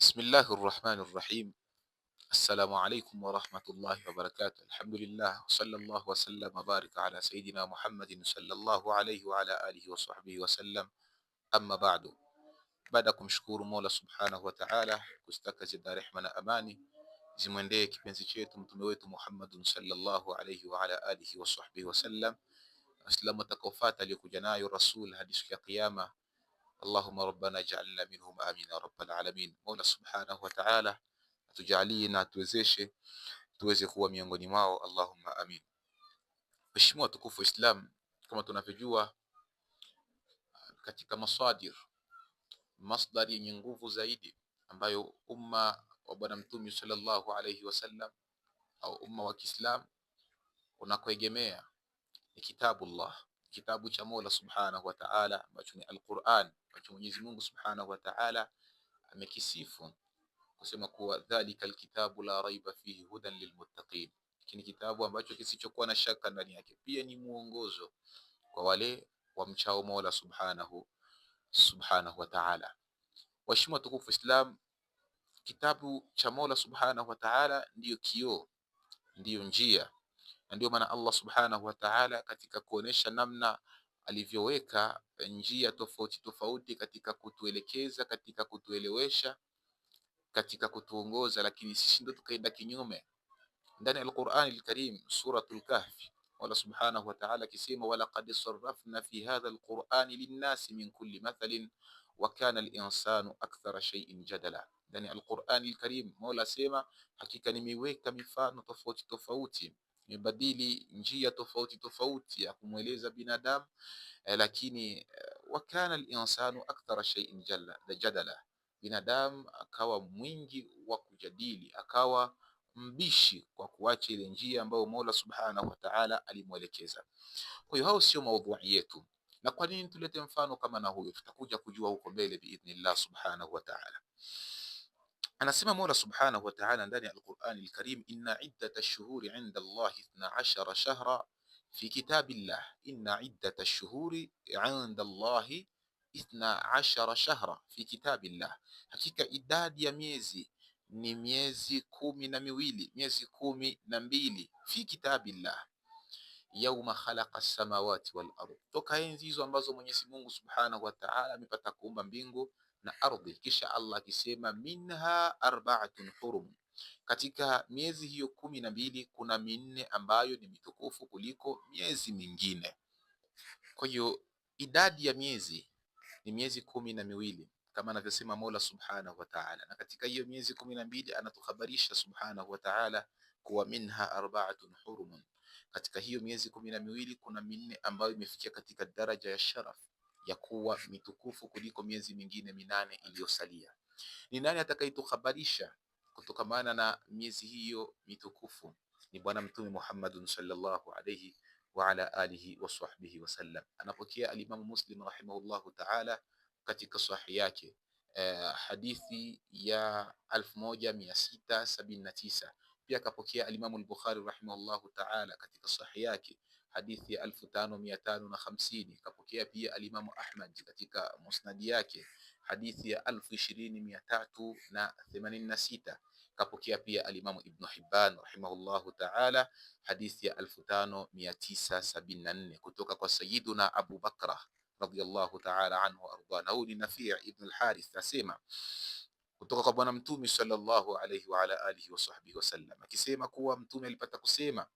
بسم الله الرحمن الرحيم السلام عليكم ورحمة الله وبركاته الحمد لله وصلى الله وسلم وبارك على سيدنا محمد صلى الله عليه وعلى آله وصحبه وسلم أما بعد بعدكم شكور مولا سبحانه وتعالى كستك زد رحمنا أماني زمن ديك بنسي محمد صلى الله عليه وعلى آله وصحبه وسلم أسلم تكوفات لكجناي الرسول هديسك قيامة Allahumma rabbana ij'alna minhum amin ya rabbal alamin. Mola subhanahu wa ta'ala atujalie na atuwezeshe tuweze kuwa miongoni mwao, Allahumma amin. Mheshimiwa tukufu Islam, kama tunavyojua katika masadir, masdari yenye nguvu zaidi ambayo umma wa Bwana Mtume sallallahu alayhi wasallam au umma wa Kiislam unakoegemea ni kitabullah kitabu cha Mola Subhanahu wa Ta'ala ambacho ni Al-Qur'an, ambacho Mwenyezi Mungu Subhanahu wa Ta'ala amekisifu kusema kuwa dhalika alkitabu la raiba fihi hudan lilmuttaqin, ni kitabu ambacho kisichokuwa na shaka ndani yake, pia ni mwongozo kwa wale wamchao Mola Subhanahu Subhanahu wa Ta'ala. Waheshimiwa tukufu Islam, kitabu cha Mola Subhanahu wa Ta'ala ndiyo kioo, ndiyo njia na ndio maana Allah subhanahu wa ta'ala katika kuonesha namna alivyoweka njia tofauti tofauti katika kutuelekeza, katika kutuelewesha, katika kutuongoza, lakini sisi ndio tukaenda kinyume. Ndani ya Al-Qur'an Al-Karim, suratul Kahfi, wala subhanahu wa ta'ala akisema, walaqad sarrafna fi hadha al-Qur'ani lin-nasi min kulli mathalin wa kana al-insanu akthara shay'in jadala. Ndani ya Al-Qur'an Al-Karim, Mola asema, hakika nimeiweka mifano tofauti tofauti tumebadili njia tofauti tofauti ya kumweleza binadamu eh, lakini eh, wa kana linsanu akthara shay'in jadala, binadamu akawa mwingi wa kujadili, akawa mbishi kwa kuacha ile njia ambayo Mola Subhanahu wa Ta'ala alimwelekeza. Kwa hiyo hao sio maudhui yetu, na kwa nini tulete mfano kama na huyo, tutakuja kujua huko mbele biidhnillah Subhanahu wa Ta'ala. Anasema Mola subhanahu wa taala ndani ya Alqurani Alkarim, inna iddata lshuhuri inda Allahi ithna ashara shahra fi kitabillah inna iddata shuhuri inda Allahi ithna shahra fi kitabi kitabillah, hakika idadi ya miezi ni miezi kumi na miwili, miezi kumi na mbili fi kitabillah yauma khalaqa samawati wal ardh, toka enzi hizo ambazo Mwenyezi Mungu subhanahu wa taala amepata kuumba mbingu na ardhi. Kisha Allah akisema, minha arbaatun hurum, katika miezi hiyo kumi na mbili kuna minne ambayo ni mitukufu kuliko miezi mingine. Kwa hiyo idadi ya miezi ni miezi kumi na miwili kama anavyosema Mola Subhanahu wa Ta'ala, na katika hiyo miezi kumi na mbili anatuhabarisha Subhanahu wa Ta'ala kuwa minha arbaatun hurum, katika hiyo miezi kumi na miwili kuna minne ambayo imefikia katika daraja ya sharaf ya kuwa mitukufu kuliko miezi mingine minane iliyosalia. Ni nani atakayetuhabarisha kutokamana na miezi hiyo mitukufu? Ni Bwana Mtume Muhammadun sallallahu alayhi wa ala alihi wa sahbihi sallam. Anapokea alimamu Muslim rahimahullahu taala katika sahihi yake eh, hadithi ya 1679 pia akapokea alimamu al-Bukhari rahimahullahu taala katika sahihi yake hadithi ya elfu tano mia tano na hamsini. Kapokea pia alimamu Ahmad katika musnadi yake hadithi ya elfu ishirini mia tatu na themanini na sita. Kapokea pia alimamu Ibnu Hibban rahimahullahu taala hadithi ya elfu tano mia tisa sabini na nne kutoka kwa Sayiduna Abu Bakra radhiyallahu taala anhu ardhana. Huyu ni Nafii ibn al-Harith asema kutoka kwa Bwana Mtume sallallahu alayhi wa ala alihi wa sahbihi wasallam akisema kuwa Mtume alipata kusema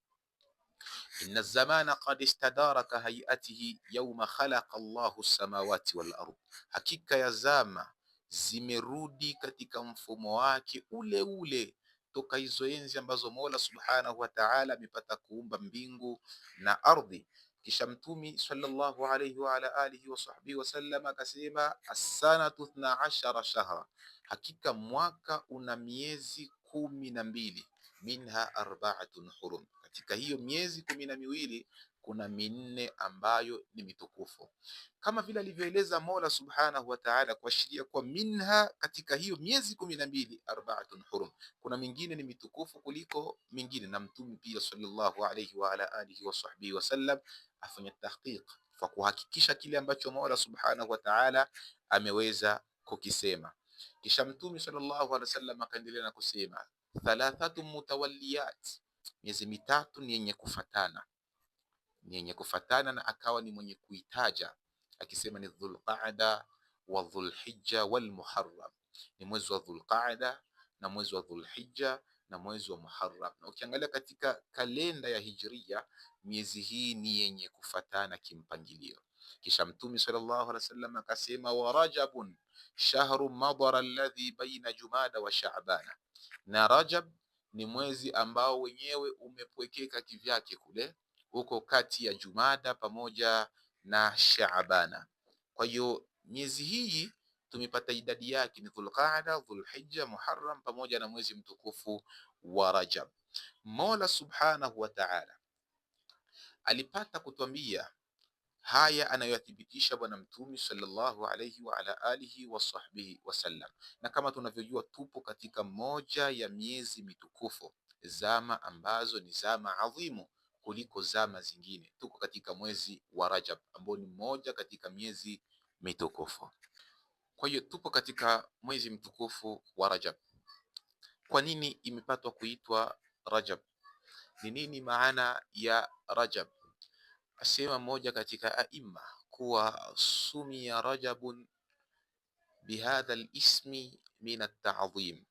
inna zamana qad istadaraka hayatihi yauma khalaqa Allahu samawati wal ard, hakika ya zama zimerudi katika mfumo wake ule ule toka hizo enzi ambazo Mola Subhanahu wa Ta'ala amepata kuumba mbingu na ardhi. Kisha Mtumi sallallahu alayhi wa ala alihi wa sahbihi wasallam akasema, assanatu ithna ashara shahra, hakika mwaka una miezi kumi na mbili, minha arbaatun hurum katika hiyo miezi kumi na miwili kuna minne ambayo ni mitukufu, kama vile alivyoeleza Mola Subhanahu wa Ta'ala, kuashiria kwa minha, katika hiyo miezi kumi na mbili arbaatun hurum, kuna mingine ni mitukufu kuliko mingine. Na Mtume pia sallallahu alayhi wa ala alihi wa sahbihi wasallam afanya tahqiq kwa kuhakikisha kile ambacho Mola Subhanahu wa Ta'ala ameweza kukisema. Kisha Mtume sallallahu alayhi sallam akaendelea na kusema thalathatu mutawalliyat miezi mitatu ni yenye kufatana, ni yenye kufatana na akawa ni mwenye kuitaja akisema ni Dhulqaada wa Dhulhijja wal Muharram, ni mwezi wa Dhulqaada na mwezi wa Dhulhijja na mwezi wa Muharram. Na ukiangalia katika kalenda ya Hijria, miezi hii ni yenye kufatana kimpangilio. Kisha Mtume sallallahu alaihi wasallam akasema, wa Rajabun shahru madara alladhi baina Jumada wa Sha'bana, na Rajab ni mwezi ambao wenyewe umepwekeka kivyake kule huko kati ya Jumada pamoja na Shaabana. Kwa hiyo miezi hii tumepata idadi yake ni Dhulqaada, Dhulhijja, Muharram pamoja na mwezi mtukufu wa Rajab. Mola Subhanahu wa Ta'ala alipata kutuambia haya anayothibitisha Bwana Mtume sallallahu alaihi wa ala alihi wa sahbihi wasallam. Na kama tunavyojua, tupo katika moja ya miezi mitukufu, zama ambazo ni zama adhimu kuliko zama zingine. Tuko katika mwezi wa Rajab ambao ni moja katika miezi mitukufu. Kwa hiyo tupo katika mwezi mtukufu wa Rajab. Kwa nini imepatwa kuitwa Rajab? Ni nini maana ya Rajab? Asema mmoja katika aima kuwa sumia Rajabun bihadha lismi min atadhim,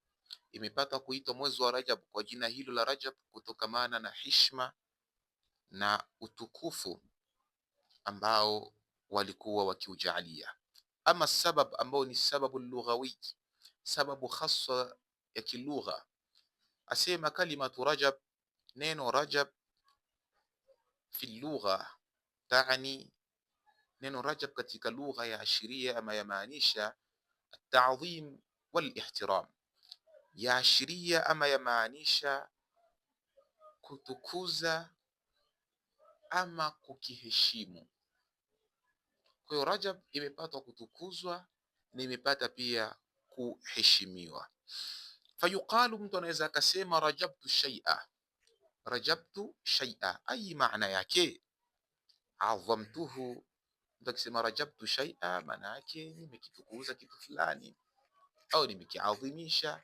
imepata kuitwa mwezi wa Rajab kwa jina hilo la Rajab kutokamana na hishma na utukufu ambao walikuwa wakiujalia. Ama sabab ambao ni sababu lughawi, sababu hasa ya kilugha, asema kalimatu Rajab, neno Rajab fi lugha tani. Neno rajab katika lugha ya ashiria ama yamaanisha at-ta'dhim wal ihtiram, yaashiria ama yamaanisha kutukuza ama kukiheshimu. Kwa hiyo Rajab imepata kutukuzwa na imepata pia kuheshimiwa. Fayuqalu, mtu anaweza akasema rajabtu shay'a, rajabtu shay'a. Ai, maana yake adhamtuhu. Mtu akisema rajabtu shay'a, maana yake nimekitukuza kitu fulani, au nimekiadhimisha,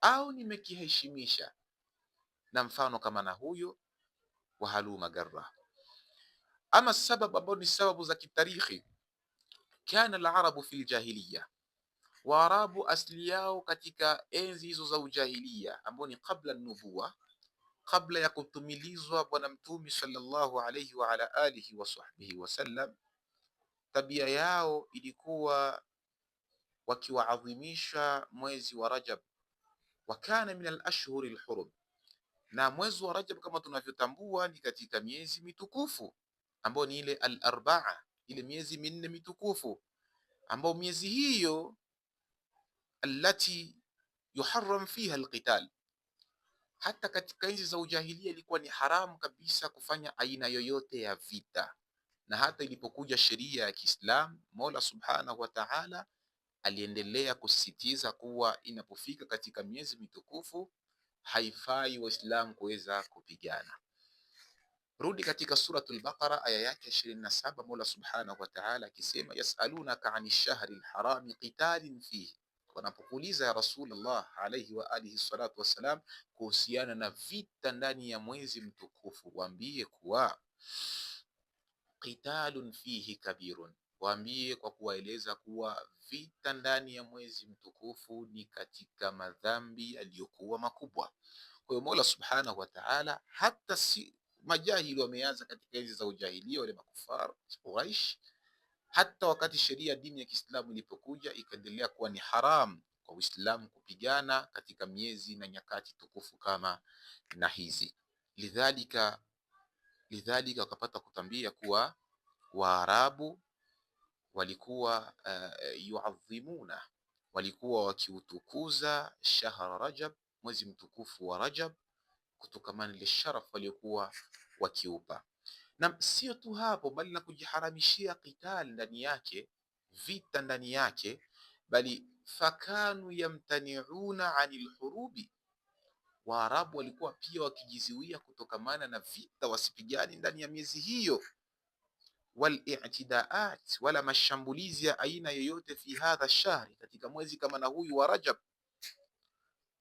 au nimekiheshimisha, na mfano kama na huyo wa haluma garra. Ama sababu ambayo ni sababu za kitarikhi, kana alarabu fi ljahiliya Waarabu asili yao katika enzi hizo za ujahilia ambao ni qabla nubuwa kabla ya kutumilizwa Bwana Mtume sallallahu alayhi wa ala alihi wa sahbihi wasallam, tabia yao ilikuwa wakiwaadhimisha mwezi wa Rajab, wakana kana min alashhuri alhurum, na mwezi wa Rajab kama tunavyotambua ni katika miezi mitukufu ambayo ni ile al-arbaa, ile miezi minne mitukufu ambayo miezi hiyo alati yuharram fiha alqital hata katika enzi za ujahilia ilikuwa ni haramu kabisa kufanya aina yoyote ya vita, na hata ilipokuja sheria ya Kiislamu Mola Subhanahu wa Ta'ala aliendelea kusisitiza kuwa inapofika katika miezi mitukufu haifai Waislamu kuweza kupigana. Rudi katika Suratul Baqara aya yake 27, Mola Subhanahu wa Ta'ala akisema, yasalunaka ani shahri lharami qitalin fihi wanapokuuliza ya Rasulullah alayhi wa alihi salatu wassalam kuhusiana na vita ndani ya mwezi mtukufu, waambie kuwa qitalun fihi kabirun, waambie kwa kuwaeleza kuwa vita ndani ya mwezi mtukufu ni katika madhambi aliyokuwa makubwa. Kwa hiyo Mola subhanahu wa taala hata si majahili wameanza katika enzi za ujahilia, wale makufar Quraish hata wakati sheria ya dini ya Kiislamu ilipokuja ikaendelea kuwa ni haramu kwa Uislamu kupigana katika miezi na nyakati tukufu kama na hizi. Lidhalika, lidhalika wakapata kutambia kuwa Waarabu walikuwa uh, eh, yuadhimuna, walikuwa wakiutukuza shahra Rajab, mwezi mtukufu wa Rajab, kutokamana na sharaf waliokuwa wakiupa na sio tu hapo, bali na kujiharamishia qital ndani yake, vita ndani yake, bali fakanu yamtaniuna anil hurubi, Waarabu walikuwa pia wakijiziwia kutokamana na vita, wasipigani ndani ya miezi hiyo. Wal i'tidaat, wala mashambulizi ya aina yoyote, fi hadha shahri, katika mwezi kama na huyu wa Rajab,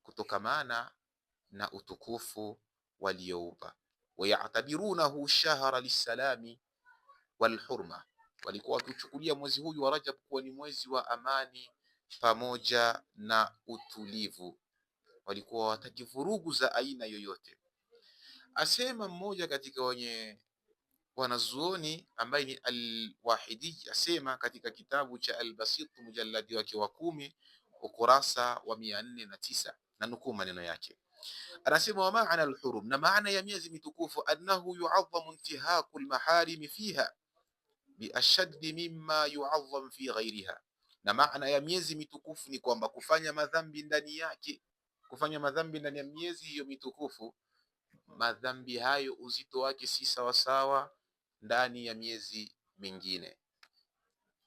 kutokamana na utukufu walioupa wayatabirunahu shahra lissalami walhurma, walikuwa wakiuchukulia mwezi huyu wa Rajab kuwa ni mwezi wa amani pamoja na utulivu, walikuwa wataki vurugu za aina yoyote. Asema mmoja katika wenye wanazuoni ambaye ni Alwahidi, asema katika kitabu cha Albasit mujalladi wake wa kumi ukurasa wa mia nne na tisa na nukuu maneno yake Anasema wa maana alhurum, na maana ya miezi mitukufu, annahu yuadhamu intihaku almaharimi fiha biashaddi mimma yuadham fi ghairiha, na maana ya miezi mitukufu ni kwamba kufanya madhambi ndani yake, kufanya madhambi ndani ya miezi hiyo mitukufu, madhambi hayo uzito wake si sawasawa ndani ya miezi mingine,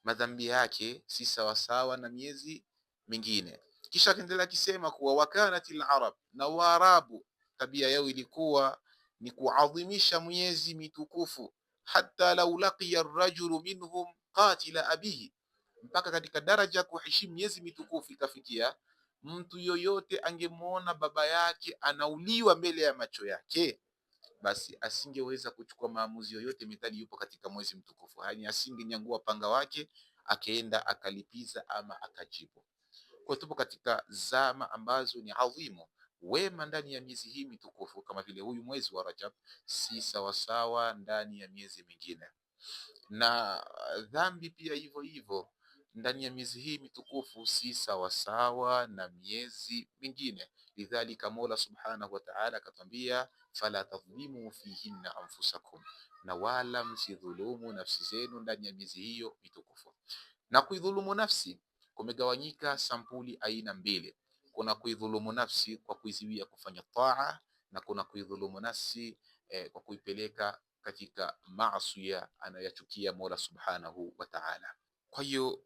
madhambi yake si sawasawa na miezi mingine. Kisha akaendelea akisema kuwa wakanati larab, na Waarabu tabia yao ilikuwa ni kuadhimisha Mwenyezi mitukufu, hata lau laqiya rajulu minhum qatila abihi, mpaka katika daraja kuheshimu Mwenyezi mitukufu ikafikia mtu yoyote angemwona baba yake anauliwa mbele ya macho yake, basi asingeweza kuchukua maamuzi yoyote mithali yupo katika mwezi mtukufu, yaani asingenyangua panga wake akaenda akalipiza ama akajibu. Kwa tupo katika zama ambazo ni adhimu wema ndani ya miezi hii mitukufu kama vile huyu mwezi wa Rajab si sawasawa ndani ya miezi mingine, na dhambi pia hivyo hivyo ndani ya miezi hii mitukufu si sawasawa na miezi mingine. Lidhalika, Mola subhanahu wa ta'ala akatwambia, fala tadhlimu fihinna anfusakum, na wala msidhulumu nafsi zenu ndani ya miezi hiyo mitukufu. Na kuidhulumu nafsi kumegawanyika sampuli aina mbili: kuna kuidhulumu nafsi kwa kuiziwia kufanya taa na kuna kuidhulumu nafsi eh, kwa kuipeleka katika maasi anayachukia Mola Subhanahu wa Ta'ala. Kwa hiyo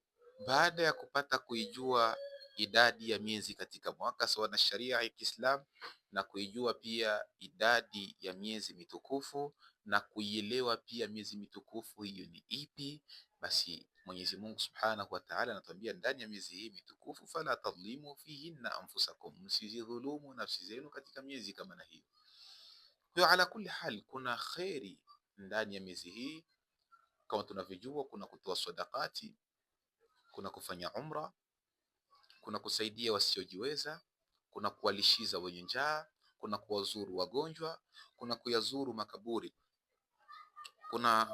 baada ya kupata kuijua idadi ya miezi katika mwaka sawa na sharia ya Kiislamu na kuijua pia idadi ya miezi mitukufu na kuielewa pia miezi mitukufu hiyo ni ipi, basi Mwenyezi Mungu Subhanahu wa Ta'ala anatuambia ndani ya miezi hii mitukufu, fala tadhlimu fihinna anfusakum, msizidhulumu nafsi zenu katika miezi kama na hiyo. Kwa ala kulli hal, kuna kheri ndani ya miezi hii kama tunavyojua, kuna kutoa sadakati, kuna kufanya umra, kuna kusaidia wasiojiweza, kuna kuwalishiza wenye njaa, kuna kuwazuru wagonjwa, kuna kuyazuru makaburi, kuna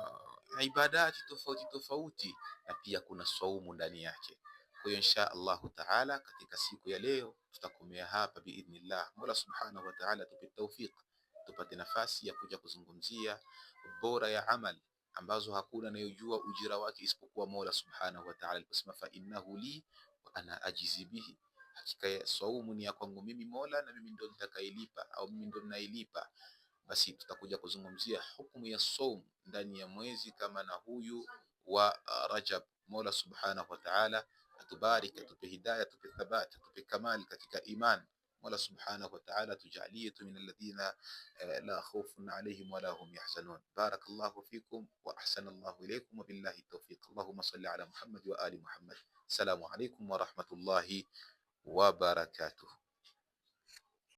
ibadati tofauti tofauti na pia kuna swaumu ndani yake. Kwa hiyo insha Allahu taala katika siku ya leo tutakomea hapa biidhnillah. Mola subhanahu wa taala tupe tawfik, tupate nafasi ya kuja kuzungumzia bora ya amal ambazo hakuna anayojua ujira wake isipokuwa Mola subhanahu wa taala aliposema, fa innahu li wa ana ajizi bihi Hakika saumu ni ya kwangu mimi Mola, na mimi ndo nitakailipa au mimi ndo ninailipa. basi tutakuja kuzungumzia hukumu ya saum ndani ya mwezi kama na huyu wa Rajab. Mola subhanahu wa ta'ala atubariki, atupe hidayah, atupe thabat, atupe kamal katika iman. Mola subhanahu wa ta'ala tujalie tu min alladhina la khawfun alayhim wala hum yahzanun. Barakallahu fikum wa ahsana Allahu ilaykum wa billahi tawfiq. Allahumma salli ala Muhammad wa ali Muhammad. Salamu alaykum wa rahmatullahi wa barakatuh.